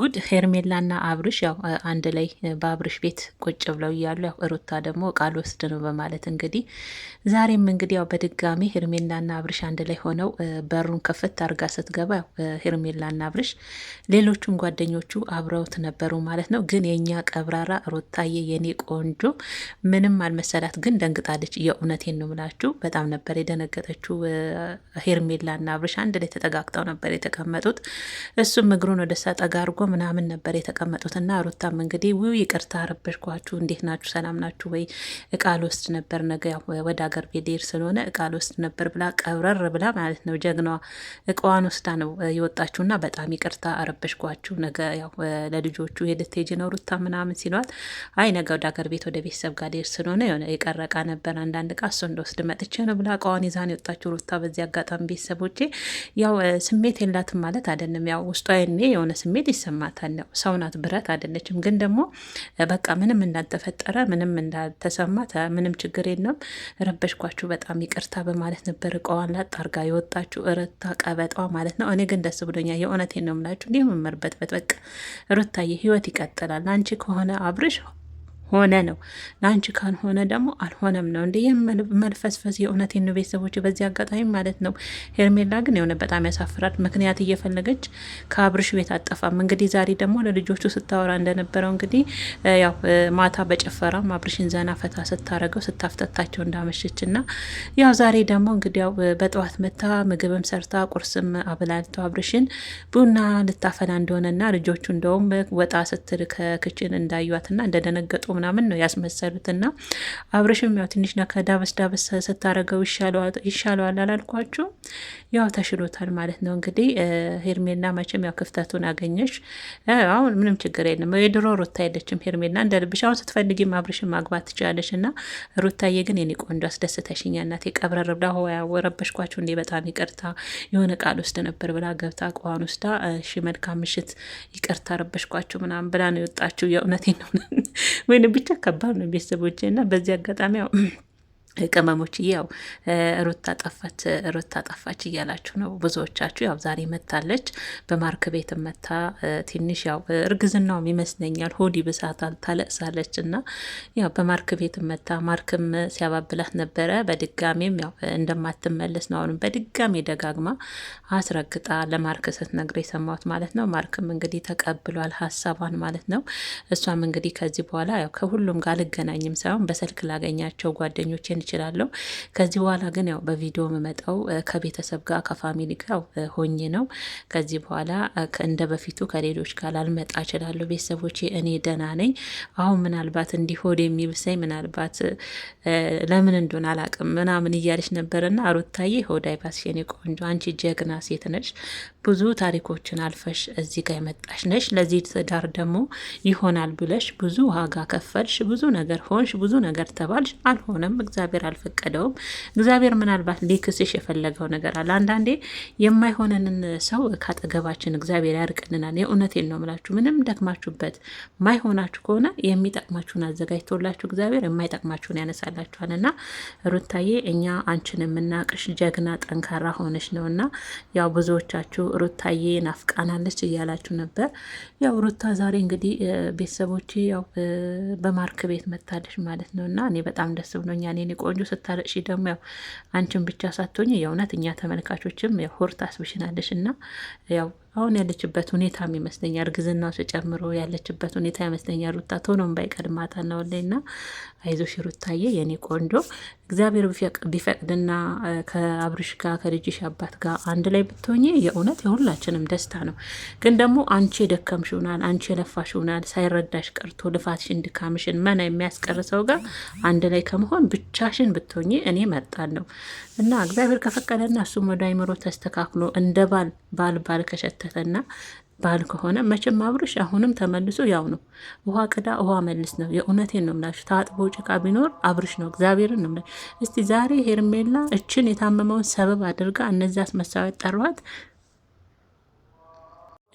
ጉድ ሄርሜላና አብርሽ ያው አንድ ላይ በአብርሽ ቤት ቁጭ ብለው እያሉ ያው ሩታ ደግሞ ቃል ወስድ ነው በማለት እንግዲህ ዛሬም እንግዲህ ያው በድጋሚ ሄርሜላና አብርሽ አንድ ላይ ሆነው በሩን ከፈት አርጋ ስትገባ ያው ሄርሜላና አብርሽ ሌሎቹም ጓደኞቹ አብረውት ነበሩ ማለት ነው። ግን የእኛ ቀብራራ ሩታዬ የኔ ቆንጆ ምንም አልመሰላት፣ ግን ደንግጣለች። የእውነቴን ነው ምላችሁ በጣም ነበር የደነገጠችው። ሄርሜላና አብርሽ አንድ ላይ ተጠጋግተው ነበር የተቀመጡት። እሱም እግሩን ወደሳ ጠጋር አድርጎ ምናምን ነበር የተቀመጡት እና ሩታም እንግዲህ ውይ ይቅርታ ረበሽኳችሁ፣ እንዴት ናችሁ? ሰላም ናችሁ ወይ? እቃ ልወስድ ነበር ነገ ወደ ሀገር ቤት ስለሆነ እቃ ልወስድ ነበር ብላ ቀብረር ብላ ማለት ነው ጀግናዋ እቃዋን ወስዳ ነው የወጣችሁ እና በጣም ይቅርታ አረበሽኳችሁ፣ ነገ ለልጆቹ የልትሄጂ ነው ሩታ ምናምን ሲሏል፣ አይ ነገ ወደ ሀገር ቤት ወደ ቤተሰብ ጋር ልሄድ ስለሆነ የሆነ የቀረ እቃ ነበር አንዳንድ እቃ እሱ እንደወስድ መጥቼ ነው ብላ እቃዋን ይዛን የወጣችሁ ሩታ። በዚህ አጋጣሚ ቤተሰቦቼ ያው ስሜት የላትም ማለት አይደለም። ያው ውስጧ የሆነ ስሜት ይሰ እየተሰማታን ነው። ሰውናት ብረት አይደለችም። ግን ደግሞ በቃ ምንም እንዳልተፈጠረ ምንም እንዳልተሰማ ምንም ችግር የለም ረበሽኳችሁ፣ በጣም ይቅርታ በማለት ነበር እቃዋን ላጣርጋ የወጣችሁ ሩታ ቀበጧ ማለት ነው። እኔ ግን ደስ ብሎኛል፣ የእውነቴን ነው የምላችሁ። እንዲሁም መርበትበት በቃ ሩታዬ፣ ህይወት ይቀጥላል። አንቺ ከሆነ አብርሽ ሆነ ነው። ለአንቺ ካልሆነ ደግሞ አልሆነም ነው። እንደ መልፈስፈስ የእውነቴን ነው ቤተሰቦች፣ በዚህ አጋጣሚ ማለት ነው። ሄርሜላ ግን የሆነ በጣም ያሳፍራል። ምክንያት እየፈለገች ከአብርሽ ቤት አጠፋም። እንግዲህ ዛሬ ደግሞ ለልጆቹ ስታወራ እንደነበረው እንግዲህ ያው ማታ በጨፈራም አብርሽን ዘና ፈታ ስታረገው ስታፍተታቸው እንዳመሸች እና ያው ዛሬ ደግሞ እንግዲህ ያው በጠዋት መታ ምግብም ሰርታ ቁርስም አብላልተው አብርሽን ቡና ልታፈላ እንደሆነና ልጆቹ እንደውም ወጣ ስትል ከክችን እንዳዩትና እንደደነገጡ ምናምን ነው ያስመሰሉት። እና አብረሽም ያው ትንሽ ከዳበስ ዳበስ ስታረገው ይሻለዋል አላልኳችሁ? ያው ተሽሎታል ማለት ነው። እንግዲህ ሄርሜላ መቼም ያው ክፍተቱን አገኘች። አሁን ምንም ችግር የለም። የድሮ ሩታ የለችም ሄርሜላ እንደ ልብሽ። አሁን ስትፈልጊም አብረሽን ማግባት ትችላለች። እና ሩታዬ ግን የኔ ቆንጆ አስደስተሽኛ እናት የቀብረ ብላ ወረበሽኳችሁ እንዴ በጣም ይቅርታ የሆነ ቃል ውስጥ ነበር ብላ ገብታ ቋን ውስዳ እሺ መልካም ምሽት ይቅርታ ረበሽኳችሁ ምናምን ብላ ነው የወጣችሁ። የእውነቴ ነው ወይ ብቻ ከባድ ነው ቤተሰቦቼ እና በዚህ አጋጣሚ ቅመሞች ያው ሩታ ጠፋች ሩታ ጠፋች እያላችሁ ነው ብዙዎቻችሁ። ያው ዛሬ መታለች በማርክ ቤት መታ ትንሽ ያው እርግዝናውም ይመስለኛል ሆዲ ይብሳታል፣ ታለቅሳለች እና ያው በማርክ ቤት መታ ማርክም ሲያባብላት ነበረ። በድጋሚም ያው እንደማትመለስ ነው አሁንም በድጋሚ ደጋግማ አስረግጣ ለማርክ ስትነግር የሰማሁት ማለት ነው። ማርክም እንግዲህ ተቀብሏል ሀሳቧን ማለት ነው። እሷም እንግዲህ ከዚህ በኋላ ያው ከሁሉም ጋር አልገናኝም ሳይሆን በስልክ ላገኛቸው ጓደኞች እችላለሁ። ከዚህ በኋላ ግን ያው በቪዲዮ የምመጣው ከቤተሰብ ጋር ከፋሚሊ ጋር ሆኜ ነው። ከዚህ በኋላ እንደ በፊቱ ከሌሎች ጋር ላልመጣ እችላለሁ። ቤተሰቦቼ እኔ ደህና ነኝ። አሁን ምናልባት እንዲሆድ የሚብሰኝ ምናልባት ለምን እንደሆነ አላቅም ምናምን እያለች ነበርና ሩታዬ ሆዳይ ባስሽኔ ቆንጆ አንቺ ጀግና ሴት ነች። ብዙ ታሪኮችን አልፈሽ እዚህ ጋር የመጣሽ ነሽ። ለዚህ ትዳር ደግሞ ይሆናል ብለሽ ብዙ ዋጋ ከፈልሽ፣ ብዙ ነገር ሆንሽ፣ ብዙ ነገር ተባልሽ። አልሆነም፣ እግዚአብሔር አልፈቀደውም። እግዚአብሔር ምናልባት ሊክስሽ የፈለገው ነገር አለ። አንዳንዴ የማይሆነንን ሰው ካጠገባችን እግዚአብሔር ያርቅልናል። የእውነቴን ነው ምላችሁ። ምንም ደክማችሁበት ማይሆናችሁ ከሆነ የሚጠቅማችሁን አዘጋጅቶላችሁ እግዚአብሔር የማይጠቅማችሁን ያነሳላችኋል። እና ሩታዬ እኛ አንቺን የምናቅሽ ጀግና ጠንካራ ሆነሽ ነው እና ያው ብዙዎቻችሁ ሩታዬ ናፍቃናለች እያላችሁ ነበር። ያው ሩታ ዛሬ እንግዲህ ቤተሰቦቼ ያው በማርክ ቤት መታለች ማለት ነው እና እኔ በጣም ደስ ብሎኛ ኔ ቆንጆ። ስታለቅሽ ደግሞ ያው አንቺን ብቻ ሳትሆኝ የእውነት እኛ ተመልካቾችም ያው ሆርታስ እና ያው አሁን ያለችበት ሁኔታም ይመስለኛል እርግዝናው ተጨምሮ ያለችበት ሁኔታ ይመስለኛል። ሩታ ቶሎም ባይቀድማታ ነው ላይና አይዞሽ ሩታዬ የኔ ቆንጆ እግዚአብሔር ቢፈቅድና ከአብርሽ ጋር ከልጅሽ አባት ጋር አንድ ላይ ብትሆኝ የእውነት የሁላችንም ደስታ ነው። ግን ደግሞ አንቺ የደከምሽ አንቺ የለፋሽ ሳይረዳሽ ቀርቶ ልፋትሽን ድካምሽን መና የሚያስቀር ሰው ጋር አንድ ላይ ከመሆን ብቻሽን ብትሆኝ እኔ መርጣለሁ እና እግዚአብሔር ከፈቀደና እሱም ወደ አይምሮ ተስተካክሎ እንደ ባል ባል ባል ከሸተ የጎተተና ባል ከሆነ መቼም አብርሽ አሁንም ተመልሶ ያው ነው፣ ውሃ ቅዳ ውሃ መልስ ነው። የእውነቴን ነው ምላሽ። ታጥቦ ጭቃ ቢኖር አብርሽ ነው። እግዚአብሔርን ነው ምላሽ። እስቲ ዛሬ ሄርሜላ እችን የታመመውን ሰበብ አድርጋ እነዚያ አስመሳዮች ጠሯት።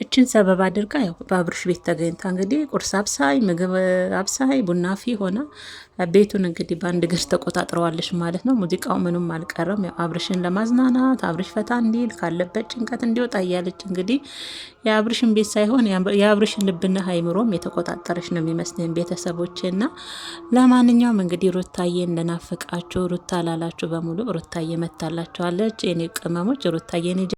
እችን ሰበብ አድርጋ ያው በአብርሽ ቤት ተገኝታ እንግዲህ ቁርስ አብሳይ፣ ምግብ አብሳይ፣ ቡና አፊ ሆና ቤቱን እንግዲህ በአንድ እግር ተቆጣጥረዋለች ማለት ነው። ሙዚቃው ምኑም አልቀረም። ያው አብርሽን ለማዝናናት አብርሽ ፈታ እንዲል ካለበት ጭንቀት እንዲወጣ እያለች እንግዲህ የአብርሽን ቤት ሳይሆን የአብርሽን ልብና ሀይምሮም የተቆጣጠረች ነው የሚመስለኝ ቤተሰቦች እና ለማንኛውም እንግዲህ ሩታዬ እንደናፈቃችሁ ሩታ ላላችሁ በሙሉ ሩታዬ መታላችኋለች የኔ ቅመሞች ሩታዬ